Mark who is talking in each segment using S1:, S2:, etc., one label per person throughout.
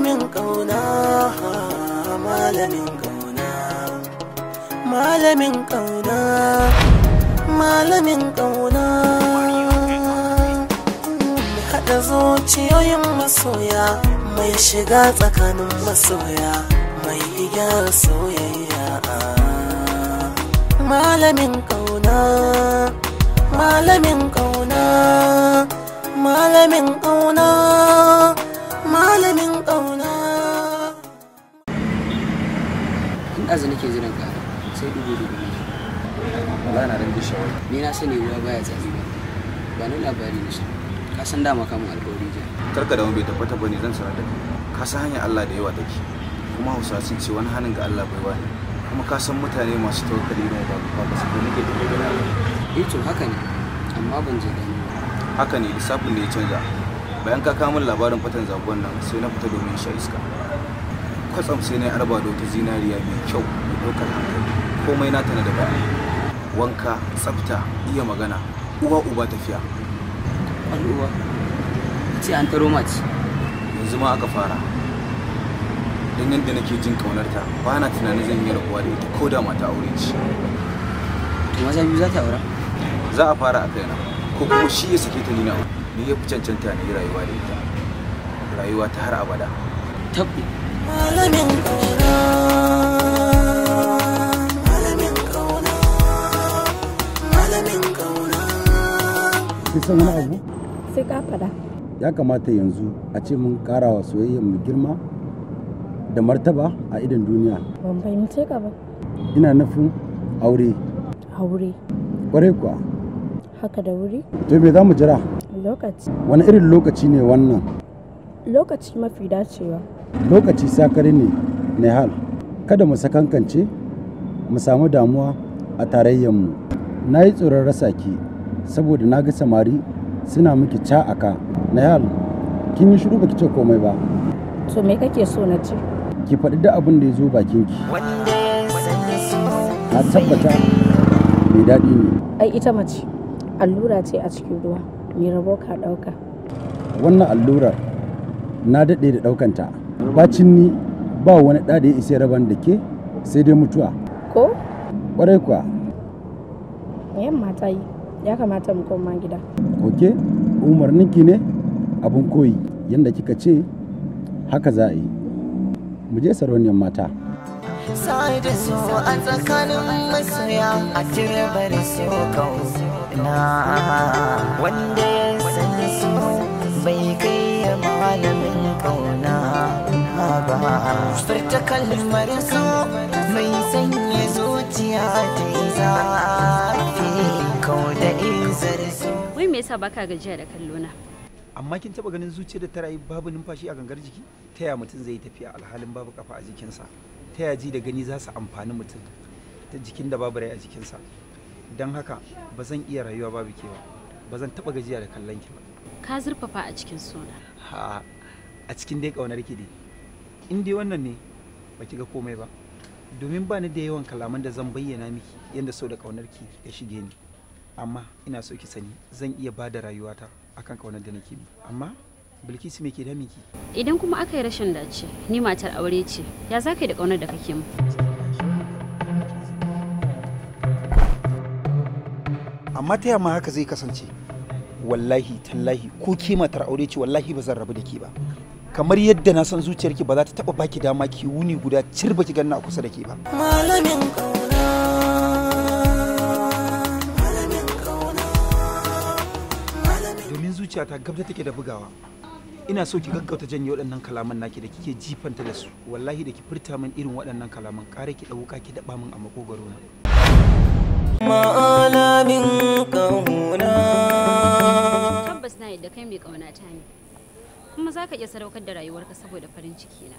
S1: malamin kauna
S2: malamin kauna malamin kauna malamin kauna
S1: haɗa zuciyoyin masoya mai shiga tsakanin masoya
S2: mai iya soyayya
S1: malamin kauna malamin kauna malamin kauna malamin
S2: ɗazu nake jiran ka sai dubu dubu ne. wala na da shawar ni na sani ruwa baya tsari ba ba ni labari shi ka san dama kamun mun alƙawari ja karka da bai tabbata ne, zan sanar da ka san hanyar Allah da yawa take kuma Hausa sun ce wani hannun ga Allah bai wani kuma ka san mutane masu tawakkali ne ba ba ba su nake da kai ba eh to haka ne amma ban je gani haka ne lissafin da ya canza bayan ka kawo min labarin fatan zagon nan sai na fita domin sha iska kwatsam sai na arba da wata zinariya mai kyau da ɗaukar hankali komai na tana da baya wanka tsafta iya magana uwa uba tafiya al'uwa ce an taro mace yanzu ma aka fara don yadda nake jin kaunarta ba na tunanin zan yi rabuwa da ita ko da mata aure ce to maza biyu za ta aura za a fara a kaina ko kuma shi ya sake ta nuna ni ya fi cancanta ni rayuwa da ita rayuwa ta har abada tabbi san
S3: wani abu? Sai ka faɗa. Ya kamata yanzu a ce mun ƙara wa soyayyar mu girma da martaba a idan duniya.
S1: Ban fahimce ka ba.
S3: Ina nufin aure. Aure. Ƙwarai kuwa.
S1: Haka da wuri?
S3: To me za mu jira?
S1: Lokaci. Wani
S3: irin lokaci ne wannan?
S1: lokaci mafi dacewa
S3: lokaci sakari ne nehal kada mu sakankance mu samu damuwa a mu. na yi tsoron rasa ki saboda na ga samari suna miki ca aka nehal kin yi shiru baki ce komai ba
S1: to me kake so na ce
S3: ki faɗi da abin da ya zo bakin ki na tabbata mai daɗi ne
S1: ai ita mace allura ce a cikin ruwa mai rabo ka ɗauka
S3: wannan allurar na daɗe da ɗaukanta bacin ni ba wani ɗa da ya isa raban da ke sai dai mutuwa ko ƙwarai kuwa
S1: yamma ta yi ya kamata mu koma gida
S3: ok umarninki ne abin koyi yadda kika ce haka za a yi mu je sarauniyar mata
S4: sai da su a tsakanin masoya a jirbar
S1: su kauna wanda ya san su bai kai malamin kauna haba furta kalmar so mai sanya zuciya ta yi zafi kau da izar su
S4: wai mai yasa ka gajiya da na. amma kin taba ganin zuciya da ta rayu babu numfashi a gangar jiki ta yaya mutum zai tafiya alhalin babu kafa a jikinsa ta yaya ji da gani za su amfani mutum ta jikin da babu rai a jikinsa don haka ba zan iya rayuwa babu kewa ba zan taba gajiya da kallon ki ba
S1: ka zurfafa a cikin suna
S4: ha a cikin dai kaunar ki dai in dai wannan ne baki ga komai ba domin ba ni da yawan kalaman da zan bayyana miki yadda so da kaunar ki ya shige ni amma ina so ki sani zan iya ba da rayuwata akan kaunar da nake bi amma bilkisu me ke da miki
S1: idan kuma aka yi rashin dace ni matar aure ce ya za da kaunar da kake mu
S4: amma ta yamma haka zai kasance wallahi tallahi ko ke matar aure ce wallahi ba zan rabu da ke ba kamar yadda na san zuciyarki ba za ta taba baki dama ki wuni guda cirba ki ganna a kusa da ke ba malamin domin ta gabda take da bugawa ina so ki gaggauta janye waɗannan kalaman naki da kike jifanta da su wallahi da ki furta min irin waɗannan kalaman ƙara ki ɗauka ki daɓa min a makogaro na malamin
S5: kauna tabbas na yadda kai mai ta
S1: ne kuma za ka iya sadaukar da rayuwarka saboda farin ciki na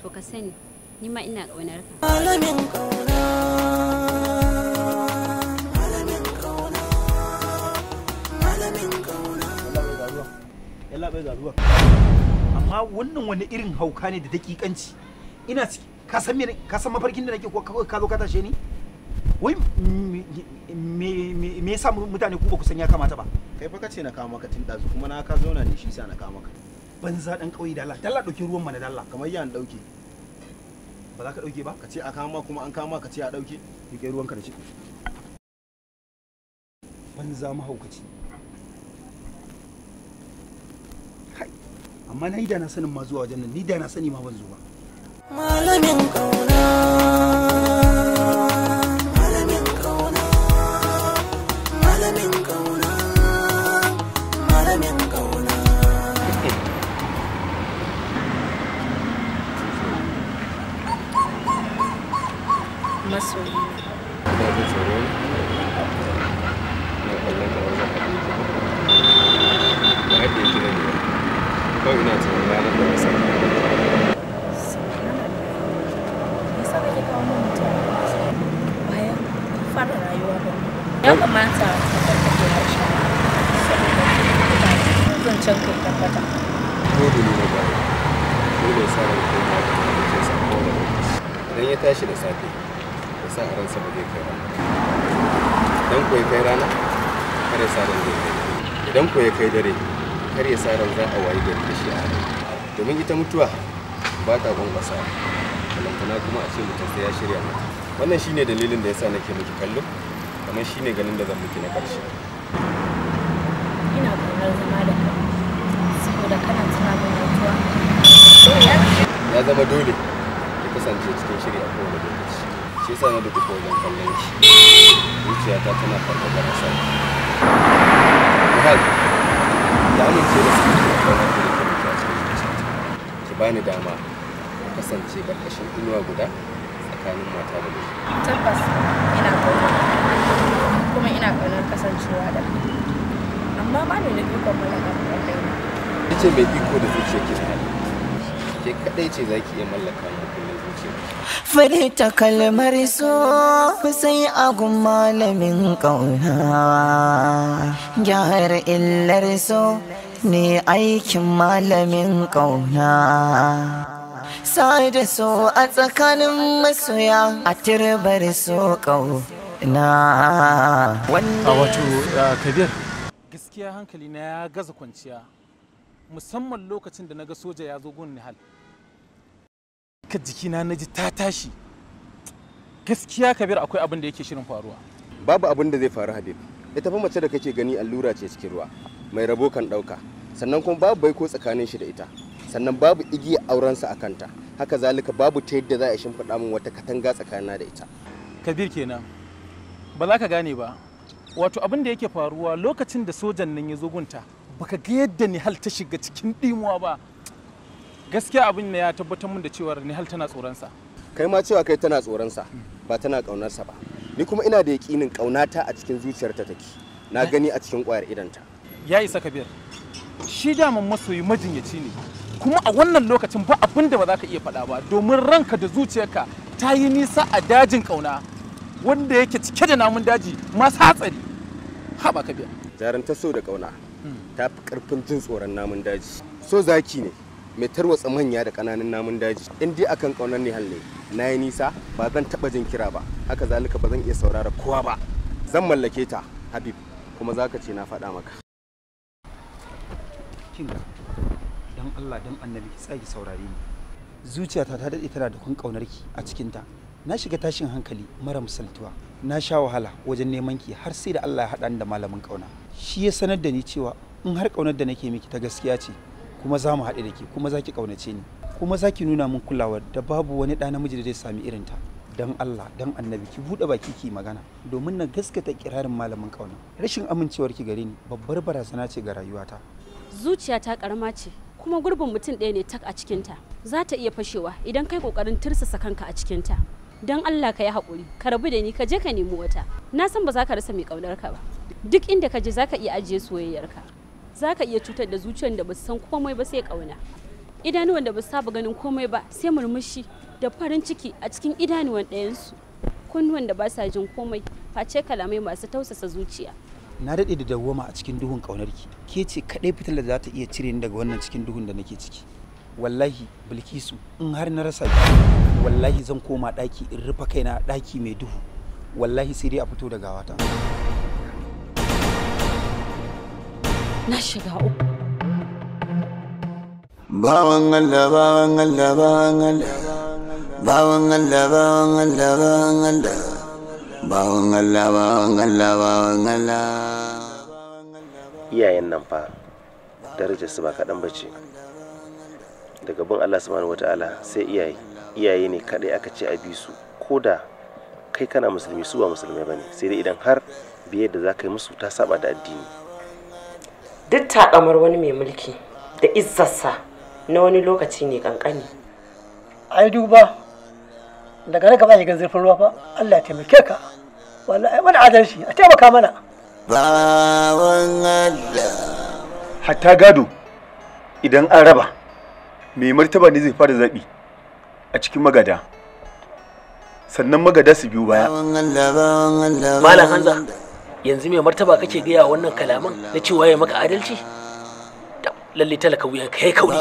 S1: to ka sani ni ma ina ƙaunar
S4: ka amma wannan wani irin hauka ne da dakikanci ina ciki ka mafarkin da nake ko ka zo ka tashe ni wai me yasa mutane ku ba ku san ya kamata ba kai fa kace na kawo maka tin dazu kuma na ka zauna ne shi sa na kawo maka banza dan kauye dalla dalla dauki ruwan mana dalla kamar yan dauke ba za ka dauke ba kace a kama kuma an kama kace a dauke kai ruwan ka da shi banza mahaukaci amma na yi da na sanin ma zuwa wajen nan ni da na sani ma ban zuwa.
S2: malamin kauna masoyi kawai ina tunanin ya tashi da safe sa a ransa ba zai kai rana idan ko ya kai rana kare sa ran zai kai idan ko ya kai dare kare sa ran za a wayi gari da shi a rai domin ita mutuwa ba ta gwangwasa balantana kuma a ce mutum sai ya shirya mata wannan shine dalilin da yasa nake miki kallo kamar shine ganin da zan miki na karshe
S1: ina ƙaunar zama da kai
S2: saboda kana tunanin mutuwa ya zama dole ki kasance cikin shiri a kowane lokaci shi yasa na duka wajen kallon shi zuciyata tana fargabar rasa Muhal ya amince da su ke kawai da ke mutu a cikin zuciyata ki bani dama kasance karkashin inuwa guda tsakanin mata da miji.
S4: Tabbas ina ƙaunar
S1: kuma ina ƙaunar kasancewa da amma ba ni da ikon mallakar ƙwarai.
S2: Ita mai iko da zuciya ke hali. ke kadai ce za ki iya mallaka mu kullum
S1: fari ta kalmar so sai agun malamin kauna gyara illar so ne aikin malamin kauna sa da so a tsakanin masoya a turbar so kauna.
S5: A wato uh, kabir gaskiya hankali na ya gaza kwanciya musamman lokacin da na ga soja ya zo gun nihal ka jikina na ji ta tashi gaskiya kabir akwai abin da yake shirin faruwa babu
S2: abin da zai faru habib ita fa mace da kake gani allura ce cikin ruwa mai rabo kan ɗauka sannan kuma babu baiko tsakanin shi da ita sannan babu igiya aurensa a kanta haka zalika babu ta yadda za a shimfiɗa min wata katanga tsakanina da ita
S5: kabir kenan ba za ka gane ba wato abin da yake faruwa lokacin da sojan nan ya zo gunta baka ga yadda nihal ta shiga cikin dimuwa ba gaskiya abin ne ya tabbatar min da cewa nihal tana tsoronsa
S2: kai ma cewa kai tana tsoronsa ba tana ƙaunarsa ba ni kuma ina da yaƙinin ƙaunata a cikin zuciyarta take na gani a cikin ƙwayar idanta
S5: ya isa kabir shi daman masoyi majinyaci ne kuma a wannan lokacin ba abin da ba za ka iya faɗa ba domin ranka da zuciyarka ta yi nisa a dajin ƙauna wanda yake cike da namun daji masu hatsari haɓa kabir
S2: jarin so da ƙauna ta fi karfin jin tsoron namun daji so zaki ne mai tarwatsa manya da kananan namun daji in dai akan kaunar ne halle na yi nisa ba zan taba jin kira ba haka zalika ba zan iya saurara kowa ba zan mallake ta habib kuma zaka ce na faɗa maka
S4: kinga dan Allah dan annabi tsaki saurare ni zuciyata ta daɗe tana da kun ƙaunarki a cikinta na shiga tashin hankali mara misaltuwa na sha wahala wajen neman ki har sai da Allah ya haɗa ni da malamin ƙauna shi ya sanar da ni cewa in har ƙaunar da nake miki ta gaskiya ce kuma za mu haɗe da ke kuma za ki ƙaunace ni kuma za ki nuna min kulawa da babu wani ɗa namiji da zai sami irin ta dan Allah dan annabi ki buɗe baki ki magana domin na gaskata kirarin malamin ƙauna rashin amincewar ki gare ni babbar barazana ce ga rayuwata
S1: zuciyata karama ce kuma gurbin mutum ɗaya ne tak a cikinta za ta iya fashewa idan kai ƙoƙarin tirsasa kanka a cikinta don Allah ka yi haƙuri ka rabu da ni ka je ka nemi wata na san ba za ka rasa mai ƙaunar ka ba duk inda ka je za ka iya ajiye soyayyarka za ka iya cutar da zuciyar da ba san komai ba sai kauna idanuwan da ba su saba ganin komai ba sai murmushi da farin ciki a cikin idanuwan ɗayansu kunnuwan da ba sa jin komai face kalamai masu tausasa zuciya
S4: na daɗe da dawoma a cikin duhun ƙaunarki ke ce kaɗai fitar da za ta iya cire ni daga wannan cikin duhun da nake ciki wallahi bilkisu in har na rasa wallahi zan koma daki in rufa kaina daki mai duhu wallahi sai dai a fito da wata
S1: na shiga uku
S5: bawan Allah bawan Allah bawan Allah bawan Allah bawan Allah bawan Allah bawan Allah bawan Allah bawan
S2: Allah iyayen nan fa darajar su ba kaɗan ba ce daga bin Allah subhanahu wata'ala sai iyaye iyaye ne kadai aka ce a bi su ko da kai kana musulmi su ba musulmai bane sai dai idan har biye da za ka yi musu ta saba da addini
S1: duk takamar wani mai mulki da izzarsa na wani lokaci ne kankani ai duba daga raka ba shiga zurfin ruwa ba Allah ya taimake ka wallahi wani adalci a taimaka mana
S5: bawan Allah hatta gado
S2: idan an raba mai martaba ne zai fara zaɓi a cikin magada sannan magada su biyu baya malam hanza yanzu mai martaba kake gaya wannan kalaman na cewa ya maka adalci
S5: lalle talaka wuyan ka yi kauri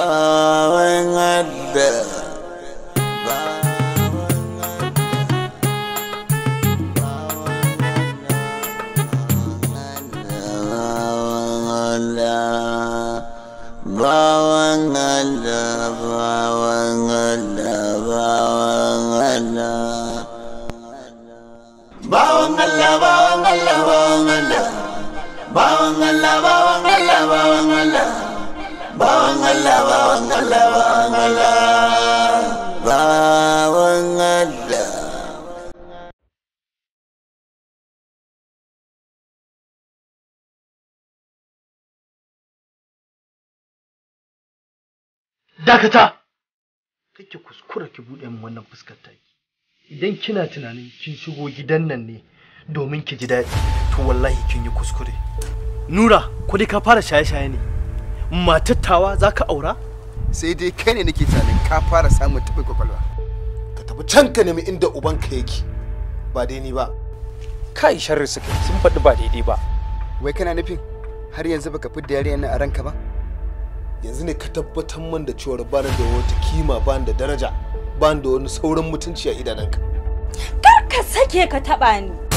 S5: Allah bawan Allah Allah
S4: dakata kake kuskura ki buɗe min wannan
S2: fuskar taki idan kina tunanin kin shigo gidan nan ne domin ki ji daɗi to wallahi kin yi kuskure nura ko dai ka fara shaye-shaye ne matattawa za ka aura sai dai kai ne nake tunanin ka fara samun taɓin kwakwalwa ka tafi can ka nemi inda ubanka yake ba dai ni ba kai sharri suka sun faɗi ba daidai ba wai kana nufin har yanzu baka fi da yarinyar nan a ranka ba yanzu ne ka tabbatar man da cewa ba da wata kima ba da daraja ba da wani sauran
S5: mutunci a idanunka
S2: kar ka sake ka taɓa ni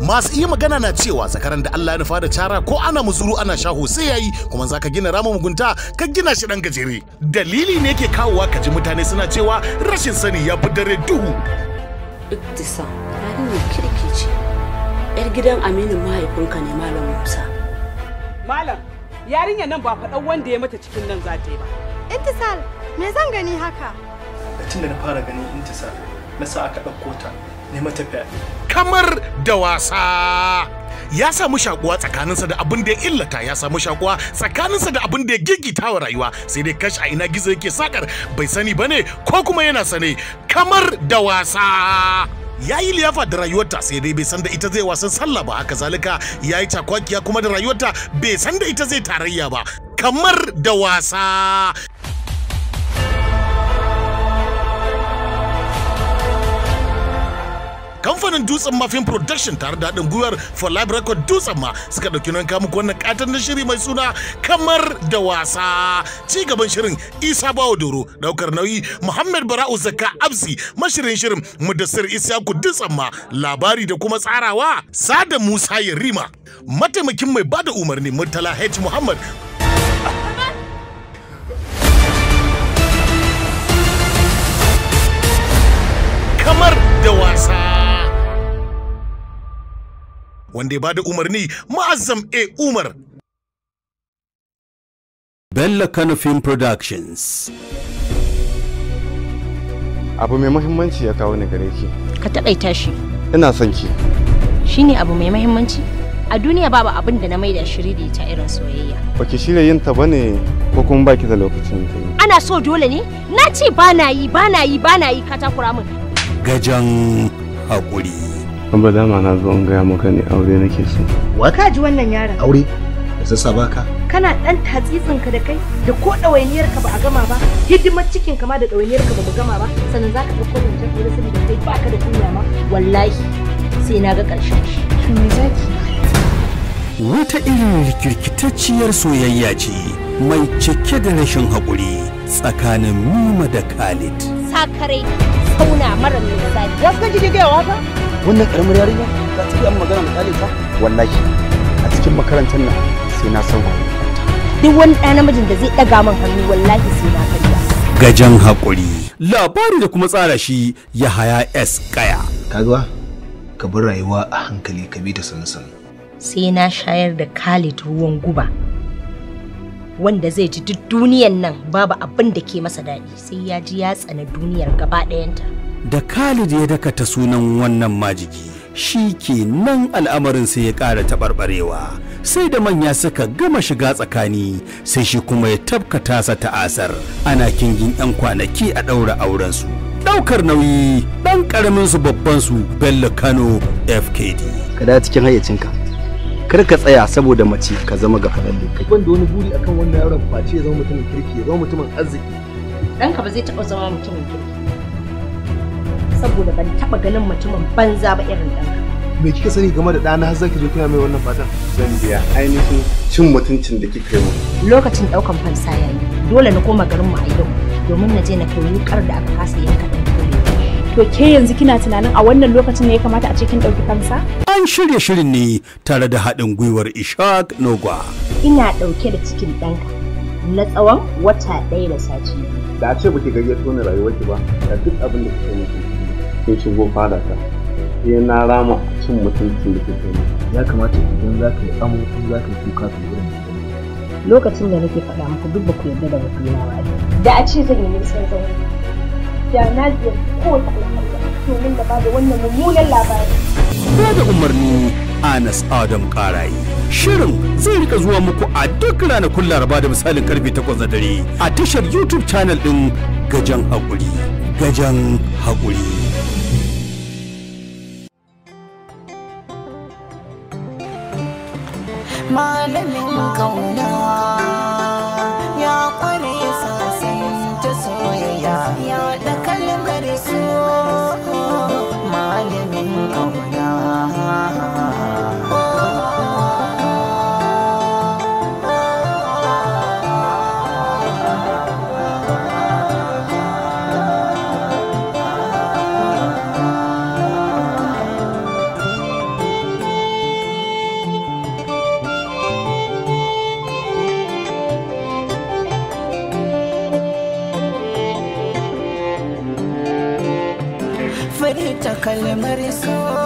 S5: masu iya magana na cewa zakaran da Allah ya nufa da cara ko ana muzuru ana shaho sai yayi kuma zaka gina ramin mugunta ka gina shi dan gajere dalili ne ke kawowa ka ji mutane suna cewa rashin sani ya fi dare duhu
S1: iktisa rayuwar kirki ce yar gidan aminu mahaifinka ne malam musa malam yarinyar nan ba faɗan wanda ya mata cikin nan za yi ba ittisal me zan gani haka
S5: tun na fara ganin intisa na sa aka ɗauko ta ne matafiya kamar da wasa ya samu shakuwa tsakaninsa da abin da ya illata ya samu shakuwa tsakaninsa da abin da ya gigita wa rayuwa sai dai kashi a ina gizo yake sakar bai sani bane ko kuma yana sane kamar da wasa ya yi liyafa da rayuwarta sai dai bai san da ita zai wasan sallah ba haka zalika ya yi cakwakiya kuma da rayuwarta bai san da ita zai tarayya ba kamar da wasa kamfanin dutsen mafin production tare da haɗin gwiwar for live record dutsen ma suka ɗauki nan kamuku wannan katon na shiri mai suna kamar da wasa ci gaban shirin isa bawa doro ɗaukar nauyi muhammad bara'u zakka absi mashirin shirin mudassir isyaku dutsen ma labari da kuma tsarawa sada musa yarima mataimakin mai bada umarni murtala h muhammad kamar da wasa wanda ya bada umarni ma'azam a umar Bello Kano Film Productions
S2: Abu mai muhimmanci ya kawo ni gare ki.
S1: Ka taƙaita shi. Ina son ki. Shi ne abu mai muhimmanci? A duniya babu abin da na maida shiri da ita irin soyayya.
S2: Ba ki shirya yin ta bane ko kuma baki da lokacin ta.
S1: Ana so dole ne? Na ce ba na yi, ba na yi, ba na yi ka takura min.
S2: Gajan haƙuri. an ba dama na zo in gaya maka ne aure nake so
S1: wa ka ji wannan yaron
S2: aure da sassa baka
S1: kana dan tatsitsin ka da kai da ko dawainiyar ka ba a gama ba hidimar cikin ka ma da dawainiyar ka ba mu gama ba sannan zaka ɗauko zancen aure da kai baka da kunya ma wallahi sai na ga ƙarshen
S2: shi me zaki wata irin rikirkitacciyar soyayya ce mai cike da rashin haƙuri tsakanin Mima da Khalid.
S1: Sakarai, sauna mara mai zafi. Gaskiya kike gaya ba?
S4: wannan karamar yarinya
S1: ta ce an magana da ta
S4: wallahi a cikin makarantar nan sai na san wani
S1: duk wani ɗan namijin da zai ɗaga min hannu wallahi sai na karya
S3: gajan hakuri
S2: labari da kuma tsara shi ya haya s kaya kaga ka bi rayuwa a hankali ka bi ta sansan
S1: sai na shayar da Khalid ruwan guba wanda zai ji duk duniyan nan babu abin da ke masa daɗi sai ya ji ya tsana duniyar gaba ɗayanta.
S3: da Khalid ya dakata sunan wannan majigi shi ke nan al'amarin sai ya ƙara taɓarɓarewa sai da manya suka gama shiga tsakani sai shi kuma ya tabkata sa ta'asar ana kingin 'yan kwanaki a ɗaura aurensu ɗaukar nauyi ɗan ƙaramin su babban su bello kano fkd ka da cikin hayyacinka kar ka tsaya
S2: saboda mace ka zama ga falalle kai ban da wani buri akan wannan yaron face ya zama mutumin kirki ya zama mutumin arziki
S1: ɗanka ba zai taɓa zama mutumin kirki saboda ban taba ganin mutumin banza ba irin ɗanka.
S2: me kika sani game da ɗana har zaki je kuna mai wannan fatan zan biya ainihin cin mutuncin da kika yi
S1: lokacin ɗaukan fansa yayi dole na koma garin mu a yau domin na je na kai wukar da aka kasa yanka ɗan To ke yanzu kina tunanin a wannan lokacin ne ya kamata a cikin ɗauki fansa?
S3: An shirya shirin ne tare da haɗin gwiwar
S2: Ishaq Nogwa.
S1: Ina ɗauke da cikin ɗanka na tsawon wata ɗaya da
S2: sati. Da a ce ba ki gayyato ni rayuwarki ba, da duk abin da kike yi sun shigo fada ta sai na rama cin mutuncin da take ya kamata idan za ka yi amo in za ka yi kuka ka wurin
S1: lokacin da nake faɗa muku duk ba ku yarda da mutum yana ba da a ce zan yi nisan zaune da na ziyarci kowace ta domin da ba da wannan mummunan labari.
S2: Ba da umarni Anas Adam Karayi.
S3: Shirin zai rika zuwa muku a duk ranakun Laraba da misalin karfe 8 na dare a tashar YouTube channel din Gajan Haƙuri. Gajan Haƙuri.
S1: malamin kauna but it's so